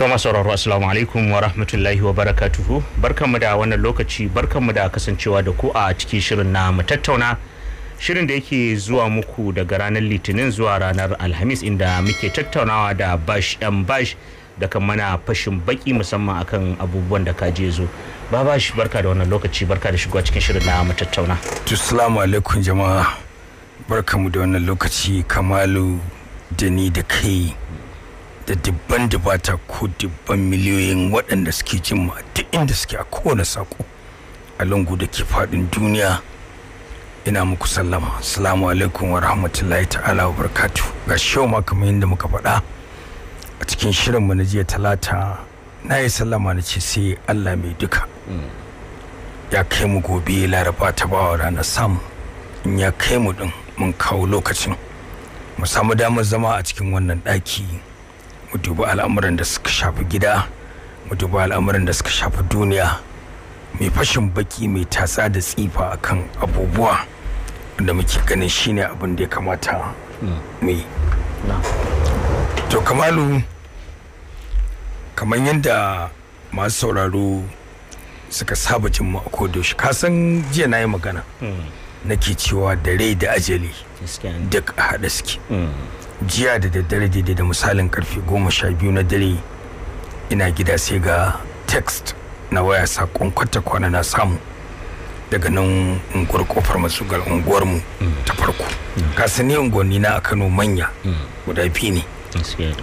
Thomas Sauraro Assalamu alaikum wa rahmatullahi wa barakatuhu. Barkanmu da wannan lokaci, barkanmu da kasancewa da ku a cikin shirin na mu tattauna. Shirin da yake zuwa muku daga ranar Litinin zuwa ranar Alhamis inda muke tattaunawa da Bash ɗan Bash da kan mana fashin baki musamman akan abubuwan da ka je zo. Babash barka da wannan lokaci, barka da shigowa cikin shirin na mu tattauna. Assalamu alaikum jama'a. Barkanmu da wannan lokaci Kamalu da ni da kai. da dubban dubata ko dubban miliyoyin waɗanda suke jin ma duk inda suke a kowane sako a lungu da ke faɗin duniya ina muku sallama assalamu alaikum wa rahmatullahi ta'ala wa barakatu ga shau ma kamar yadda muka faɗa a cikin shirin mu na jiya talata na yi sallama na ce sai Allah mai duka ya kai mu gobe laraba ta bawa ranar samu in ya kai mu din mun kawo lokacin mu samu damar zama a cikin wannan ɗaki mu duba al'amuran da suka shafi gida mu duba al'amuran da suka shafi duniya mai fashin baki mai tatsa da tsifa akan abubuwa da muke ganin shine abin da ya kamata mu yi to kamalu kamar yadda masu sauraro suka saba jin mu a ka san jiya na yi magana hmm. nake cewa da rai da ajali duk a haɗa suke hmm. jiya da daddare daidai da misalin karfe goma sha biyu na dare ina gida sai ga text na waya sakon kwata kwana na samu daga nan unguwar kofar unguwar unguwarmu ta farko kasani unguwanni na a kano manya guda biyu ne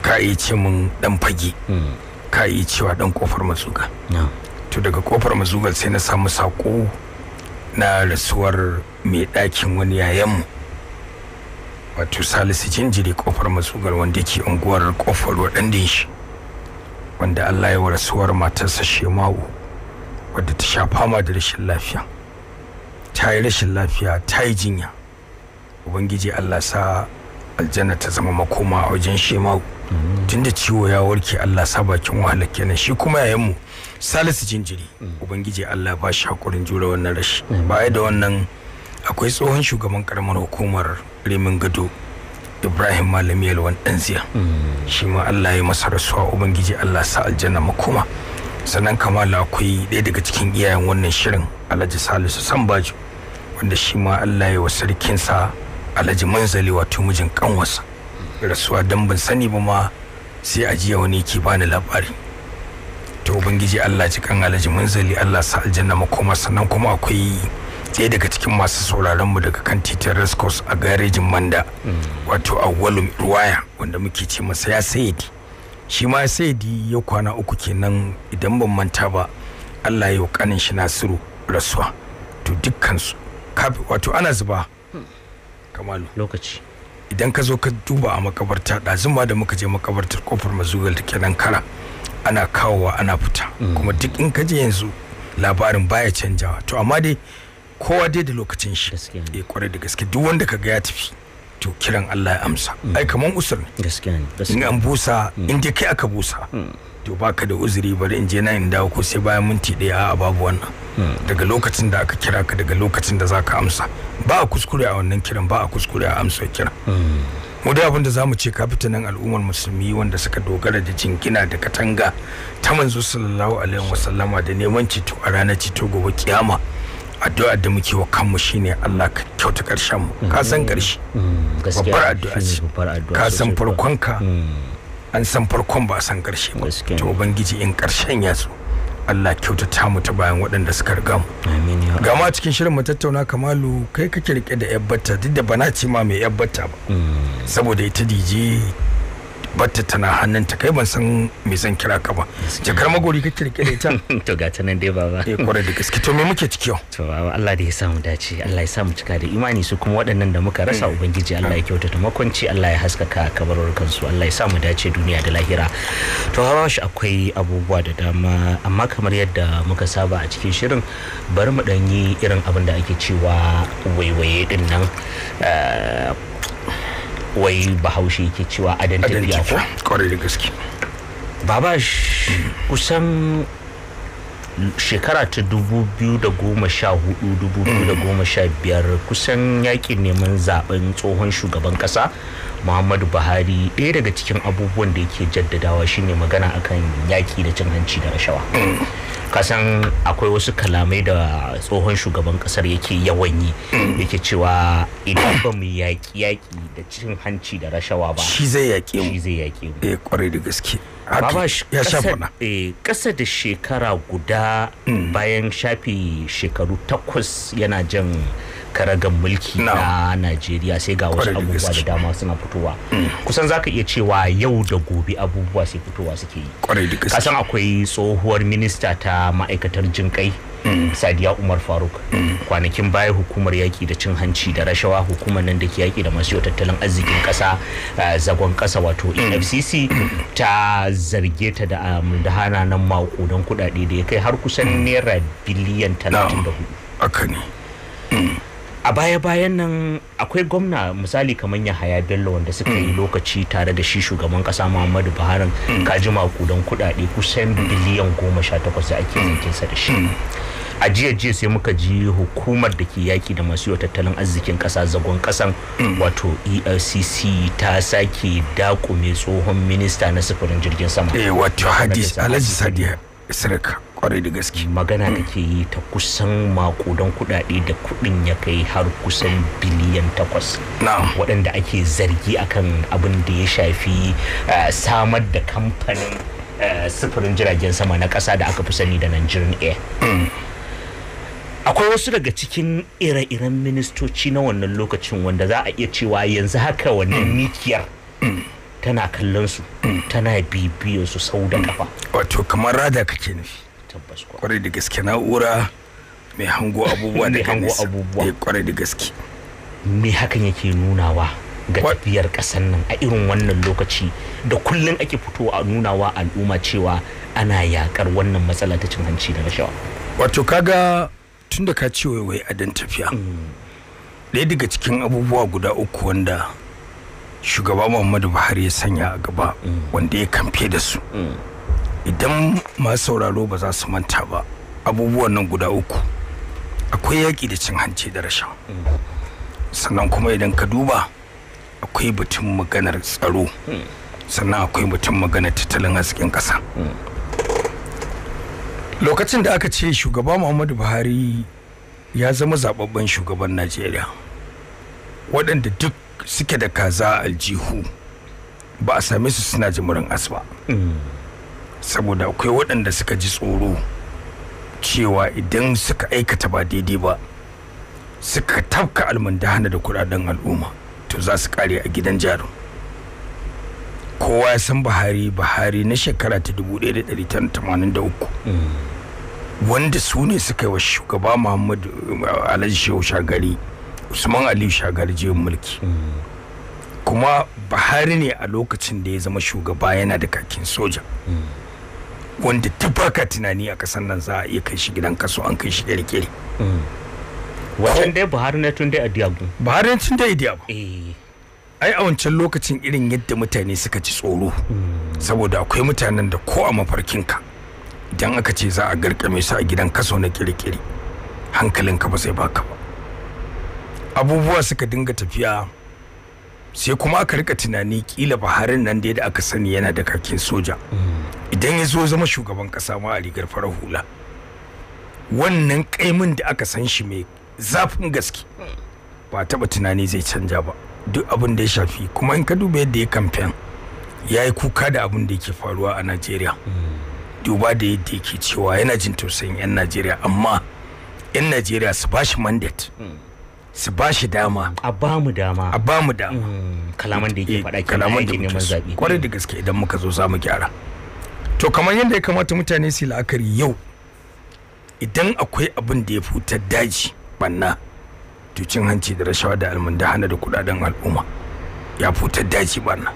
ka yi ce mun dan fage hmm. ka yi cewa dan kofar masugal to daga kofar masugal sai na samu saƙo na rasuwar mai ɗakin wani yayan mu. wato salisu jinjiri kofar matsugar wanda ke unguwar kofar waɗanda shi wanda allah ya warasuwar matarsa shemawu. wadda ta sha fama da rashin lafiya ta yi rashin lafiya ta yi jinya ubangiji allah sa aljanna ta zama makoma a wajen tun tunda ciwo ya warke allah sa bakin wahala kenan shi kuma mu salisu jinjiri ubangiji allah ba shi hakurin jure wannan rashi baya da wannan akwai tsohon shugaban karamar hukumar remin gado ibrahim malami yalwan ɗanziya shi ma allah ya masa rasuwa ubangiji allah sa aljanna makoma sannan kamala akwai ɗaya daga cikin iyayen wannan shirin alhaji salisu sambaju. wanda shi ma allah ya wa sarkinsa alhaji manzali wato mijin kanwarsa rasuwa don ban sani ba ma sai a jiya wani ke bani labari to ubangiji allah ji kan alhaji manzali allah sa aljanna makoma sannan kuma akwai sai daga cikin masu sauraron mu daga kan titin rescos a garejin manda wato awwalu ruwaya wanda muke ce masa ya sayidi shi ma sayidi ya kwana uku kenan idan ban manta ba Allah ya kanin shi Nasiru rasuwa to dukkan su wato ana zuba kamalu lokaci idan ka zo ka duba a makabarta da ɗazuma da muka je makabartar kofar mazugal da kenan kara ana kawowa ana fita mm. kuma duk in ka je yanzu labarin baya canjawa to amma dai kowa dai da lokacin shi eh kwarai da gaske duk wanda ka kaga ya tafi to kiran Allah ya amsa mm. ai kaman usur ne ne in an busa mm. in dai kai aka busa mm. to baka da uzuri bari in je na in dawo ko sai bayan minti ɗaya a babu wannan daga lokacin da aka kira ka daga lokacin da zaka amsa ba a kuskure a wannan kiran ba a kuskure a amsa kiran mu da abin da zamu ce ka nan al'ummar musulmi wanda suka dogara da jingina da katanga ta manzo sallallahu alaihi wasallama da neman ceto a ranar ceto gobe kiyama addu'a da muke wa kanmu shine Allah ka kyauta karshen mu ka san karshe mm-hmm. mm-hmm. babbar addu'a ce ka san farkon ka mm. an san farkon ba san karshe ba to ubangiji in karshen ya zo Allah ta mu ta bayan waɗanda suka riga mu ga ma cikin shirin mu tattauna kamalu kai kake rike da yabbata duk da bana ce ma mai yabbata ba mm. saboda ita dije. batta tana hannun ta kai ban san me zan kira ka ba jakar magori ka kirkire ta to ga ta nan dai baba eh kwarai da gaske to me muke ciki yau to baba Allah da ya sa mu dace Allah ya sa mu cika da imani su kuma waɗannan da muka rasa mm. ubangiji Allah ya kyauta ta makonci Allah ya haskaka kabarar su Allah ya sa mu dace duniya da lahira to hawashi akwai abubuwa da dama amma kamar yadda muka saba a cikin shirin bari mu dan yi irin abin da ake cewa waiwaye dinnan. Eh, wai bahaushe ke cewa adan tafiya ko kwarai da gaske shi mm. kusan shekara ta 2014-2015 kusan yakin neman zaben tsohon shugaban kasa muhammadu buhari ɗaya daga cikin abubuwan da yake jaddadawa shine magana akan yaki da cin hanci da rashawa kasan akwai wasu kalamai da tsohon shugaban kasar yake yawan yi yake cewa idan ba mu yaki yaki da cin hanci da rashawa ba shi zai yaƙe mu shi zai yaƙe mu kwarai eh, da gaske babash ya eh, ƙasa da shekara guda hmm. bayan shafi shekaru takwas yana jan karagan mulki na Najeriya sai ga wasu abubuwa da dama suna fitowa hmm. kusan zaka iya cewa yau da gobe abubuwa sai fitowa suke yi kasan akwai tsohuwar minista ta ma'aikatar jinkai sadiya umar faruk kwanakin baya hukumar yaki da cin hanci da rashawa hukumar nan da ke yaki da masu tattalin arzikin kasa zagon kasa wato efcc ta zarge ta da um, hana nan makudan kudade da ya kai har kusan mm. naira biliyan 34 da Kani. a baya-bayan nan akwai gwamna misali kamar yahaya bello wanda suka yi mm. lokaci tare da shi shugaban kasa muhammadu buhari mm. kaji makudan kudade kusan mm. biliyan goma sha takwas da ake yankinsa da shi a jiya jiya sai muka ji hukumar da ke yaki da masu yau tattalin arzikin kasa zagon kasan wato efcc ta sake dakume tsohon minista na sufurin jirgin sama eh wato hadis alhaji sadiya sirka kwarai da gaske magana kake yi ta kusan makudan kudade da kudin ya kai har kusan biliyan takwas waɗanda ake zargi akan abin da ya shafi eh, samar da kamfanin eh, sufurin jiragen sama na ƙasa da aka fi sani da Nigerian Air hmm. akwai wasu daga cikin ire-iren ministoci na wannan lokacin wanda za a iya cewa yanzu haka wannan hmm. mikiyar hmm. tana kallon su tana bibiyan su sau da kafa wato kamar rada kake nufi tabbas kuwa kwarai da gaske na'ura mai hango abubuwa da hango abubuwa eh, kwarai da gaske me hakan yake nunawa ga tafiyar ƙasar nan a irin wannan lokaci da kullum ake fitowa a nunawa al'umma cewa ana yakar wannan matsala ta cin hanci da rashawa wato kaga tun da ka ce wai a dan tafiya mm. ɗaya daga cikin abubuwa guda uku wanda shugaba muhammadu buhari ya sanya a gaba mm. wanda ya kamfe da su mm. idan masu sauraro ba za su manta ba abubuwan nan guda uku akwai yaƙi da cin hanci da rashin sannan kuma idan ka duba akwai batun maganar tsaro sannan akwai batun maganar tattalin hasken ƙasa lokacin da aka ce shugaba muhammadu buhari ya zama zaɓaɓɓen shugaban najeriya waɗanda duk suke da kaza aljihu ba a same su suna jimurin asuba ba saboda akwai waɗanda suka ji tsoro cewa idan suka aikata ba daidai ba suka tafka almundahana da kudaden al'umma to za su kare a gidan jarum kowa ya san buhari buhari na shekara ta 1983 mm. wanda su ne suka yi wa shugaba muhammadu uh, alhaji shehu shagari usman aliyu shagari jiyan mulki mm. kuma buhari ne a lokacin da ya zama shugaba yana da kakin soja mm. wanda ta baka tunani a kasan nan za a iya kai shi gidan kaso an kai shi kirkiri hmm. Wajen dai buhari ne tun dai a diyagu buhari ne tun dai a diyagu eh. ai a wancan lokacin irin yadda mutane suka ci tsoro hmm. saboda akwai mutanen da ko a mafarkin ka, idan aka ce za a garkame su a gidan kaso na kirkiri hankalinka ba sai baka ba abubuwa suka dinga tafiya sai kuma aka rika tunani kila baharin nan dai da aka sani yana da kakin soja hmm. idan ya zo zama shugaban kasa ma a rigar farar hula wannan kaimin da aka san shi mai zafin gaske ba taba tunani zai canja ba duk abin da ya shafi kuma in ka duba yadda ya kamfen ya yi kuka da abin da yake faruwa a najeriya duba da yadda yake cewa yana jin tausayin 'yan najeriya amma 'yan najeriya su ba shi mandate su ba shi dama a ba mu dama a ba mu dama hmm, kalaman da yake eh, faɗa kalaman da muke kwarai da gaske idan muka zo za mu gyara to kamar yadda ya kamata mutane su la'akari yau idan akwai abin da ya fitar daji banna to cin hanci da rashawa da almundahana da kudaden al'umma ya fitar daji banna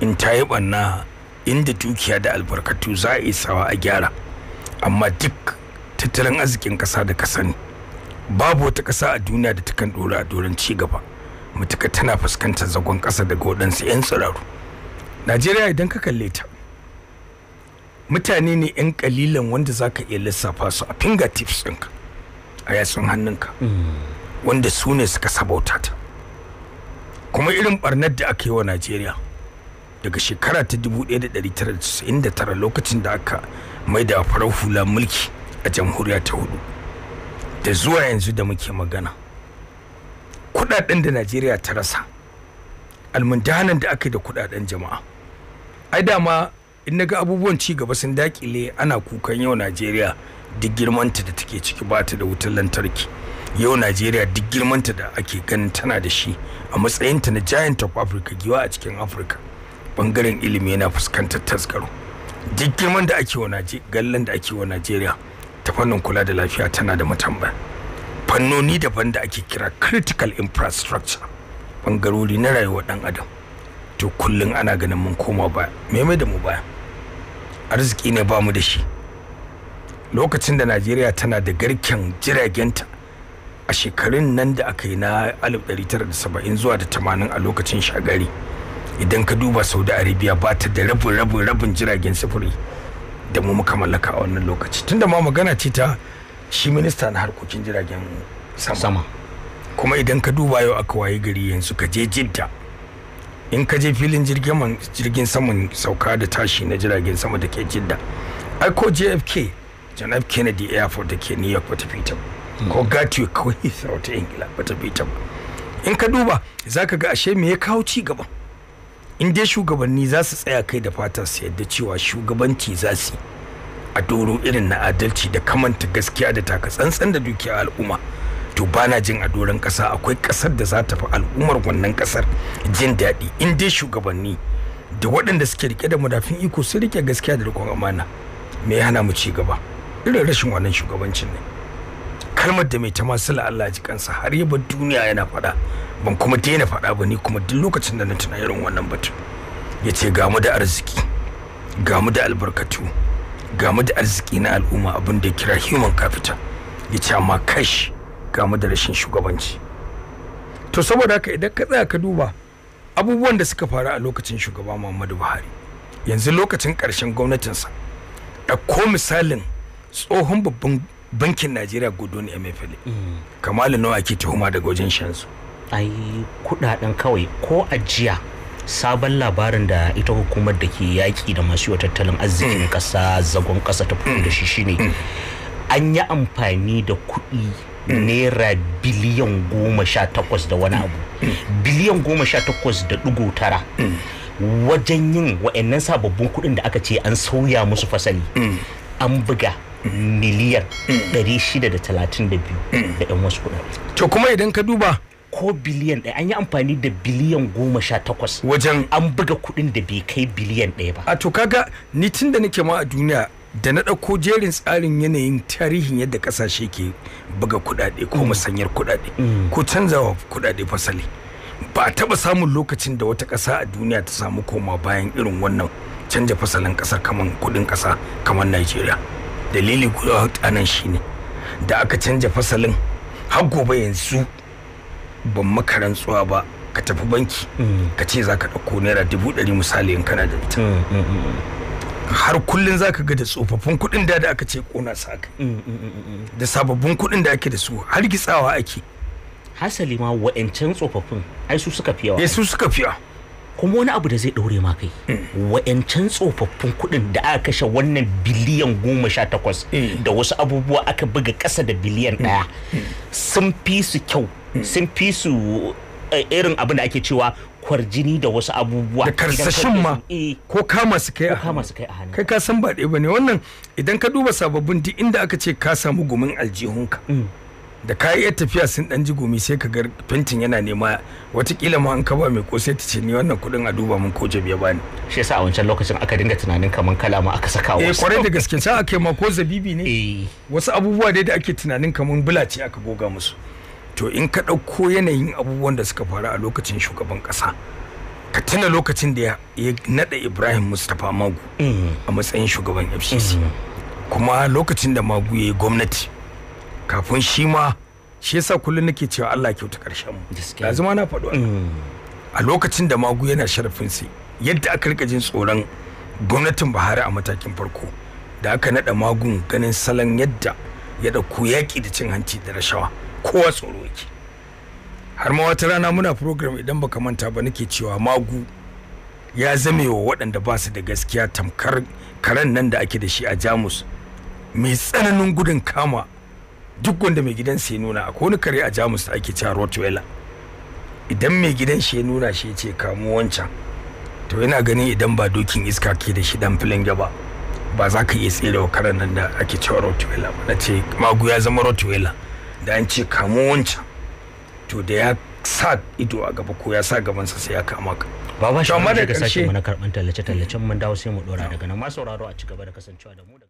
in ta yi banna inda dukiya da albarkatu za a yi sawa a gyara amma duk tattalin arzikin kasa da kasa ne babu wata kasa a duniya da takan dora a doron ci gaba mutuka tana fuskantar zagon kasa daga waɗansu 'yan tsiraru najeriya idan ka kalle ta mutane ne 'yan kalilan wanda za ka iya lissafa su a fingertips ɗinka a yatsun hannunka wanda su ne suka sabauta ta kuma irin barnar da aka yi wa najeriya daga shekara ta 1999 lokacin da aka maida farar hula mulki a jamhuriya ta hudu da zuwa yanzu da muke magana kudaden da najeriya ta rasa almundanan da aka yi da kudaden jama'a ai dama in naga abubuwan ci gaba sun dakile ana kukan yau najeriya duk girmanta da take ciki ba ta da wutar lantarki yau najeriya duk girmanta da ake ganin tana da shi a matsayinta na giant of africa giwa a cikin afirka bangaren ilimi yana fuskantar tasgaro duk girman da ake wa gallan da ake wa najeriya ta fannin kula da lafiya tana da matamba fannoni daban da ake kira critical infrastructure bangarori na rayuwar dan adam to kullum ana ganin mun koma ba me da mu baya arziki ne bamu da shi lokacin da najeriya tana da garken jiragenta a shekarun nan da aka yi na 1970 zuwa da 80 a lokacin shagari idan ka duba saudi arabiya ba ta da rabin rabin rabin jiragen sufuri da mu muka mallaka a wannan lokaci tunda ma magana ce ta shi minista na harkokin jiragen sama kuma idan ka duba yau aka waye gari yanzu ka je jidda in ka je filin jirgin saman sauka da tashi na jiragen sama da ke jidda ai ko jfk john f kennedy airport da ke new york bata fita hmm. ko gatwick ko heathrow ta ingila bata fita in ka duba za ka ga ashe me ya kawo ci gaba in dai shugabanni za su tsaya kai da fata su yadda cewa shugabanci za su a doro irin na adalci da kamanta gaskiya da taka tsantsan da dukiyar al'umma to bana jin a doron kasa akwai kasar da za ta fi al'ummar wannan kasar jin daɗi in dai shugabanni da waɗanda suke rike da madafin iko sun rike gaskiya da rikon amana me ya hana mu ci gaba irin rashin wannan shugabancin ne kalmar da mai ta masu Allah ji kansa har yi duniya yana faɗa ban kuma daina faɗa ba ni kuma duk lokacin da na tuna irin wannan batu ya ce ga da arziki gamu da albarkatu gamu da arziki na al'umma abin da kira human capital ya ce amma kashi kamu da rashin shugabanci to saboda haka idan ka tsaya ka duba abubuwan da suka faru a lokacin shugaba muhammadu buhari yanzu lokacin ƙarshen gwamnatinsa ɗauko misalin tsohon babban bankin najeriya godon MFL mm. kamalin nawa ake tuhuma daga wajen shansu ai kudaden kawai ko ajiya sabon labarin da ita hukumar da ke yaƙi da masu tattalin arzikin mm. ƙasa zagon ƙasa ta fito da shi shine mm. an yi amfani da kuɗi naira biliyan goma sha takwas da wani abu biliyan goma sha takwas da ɗigo tara wajen yin wa'annan sababbin kuɗin da aka ce an sauya musu fasali an buga miliyan shida da talatin da Da biyu. 'yan wasu kuɗaɗe. to kuma idan ka duba ko biliyan ɗaya an yi amfani da biliyan goma sha takwas wajen an buga kuɗin da bai kai biliyan ɗaya ba a to kaga ni tun da nake ma a duniya da na ɗauko jerin tsarin yanayin tarihin yadda ƙasashe ke buga kuɗaɗe ko mm. musanyar kuɗaɗe mm. ko canzawa kuɗaɗe fasali ba a taɓa samun lokacin da wata ƙasa a duniya ta samu koma bayan irin wannan canja fasalin ƙasa kaman kuɗin ƙasa kaman najeriya dalili guda a nan shine da aka canja fasalin har gobe yanzu ban makarantsuwa ba ka tafi banki mm. ka ce za ka ɗauko naira dubu ɗari misali in kana da ita har kullun ka ga da tsofaffin kuɗin da da aka ce kona su aka mm, mm, mm, da sababbin kuɗin da ake da su har gitsawa ake hasali ma wa'ancan tsofaffin ai su suka fiya yawa eh, su suka fiya kuma wani abu da zai ɗaure ma kai wa'ancan tsofaffin kuɗin da aka kashe wannan biliyan goma sha takwas da wasu abubuwa aka buga ƙasa da biliyan ɗaya sun fi su kyau sun fi su eh, irin abin da ake cewa kwarjini da wasu abubuwa da karsashin ma eh, ko kama su kai a hannu kai ka san ba ba bane wannan idan ka duba sababbin duk inda aka ce ka samu gumin aljihunka mm. da ka iya tafiya sun dan ji gumi sai ka ga fentin yana nema watakila ma an ka mai ko sai ta ce ni wannan kudin a duba mun ko jabi ya bani shi yasa a wancan lokacin aka dinga tunanin kaman kalama aka saka eh, wasu eh kwarai da gaske sai aka ma ko zabibi ne eh. wasu abubuwa dai da ake tunanin kaman bulace aka goga musu to in ka ɗauko yanayin abubuwan da suka faru a lokacin shugaban ƙasa ka tuna lokacin da ya naɗa ibrahim mustapha magu mm. a matsayin shugaban fcc mm. kuma lokacin da magu ya yi gwamnati kafin shi ma shi yasa kullum nake cewa allah kyauta ƙarshen mu yanzu ma na faɗo mm. a lokacin da magu yana sharafin sai yadda aka rika jin tsoron gwamnatin buhari a matakin farko da aka naɗa magun ganin salon yadda ya ɗauko yaƙi da cin hanci da rashawa kowa tsoro yake har ma wata rana muna program idan baka manta ba nake cewa magu ya zame wa waɗanda ba su da gaskiya tamkar karen nan da ake da shi a jamus mai tsananin gudun kama duk wanda mai gidan sai nuna a wani kare a jamus da ake cewa rottweiler idan mai gidan shi nuna shi ce kamu wancan to yana ganin idan ba dokin iska ke da shi dan filin ba ba za ka iya tsere wa karen nan da ake cewa rottweiler ba na ce magu ya zama rottweiler da an ce kamo wancan to da ya sa ido a gaba ko ya sa gabansa sai ya kama ka ba ba shi ga sake mana na karban tallace tallacen mun dawo sai mu dora daga nan ma sauraro a ci gaba da kasancewa da mu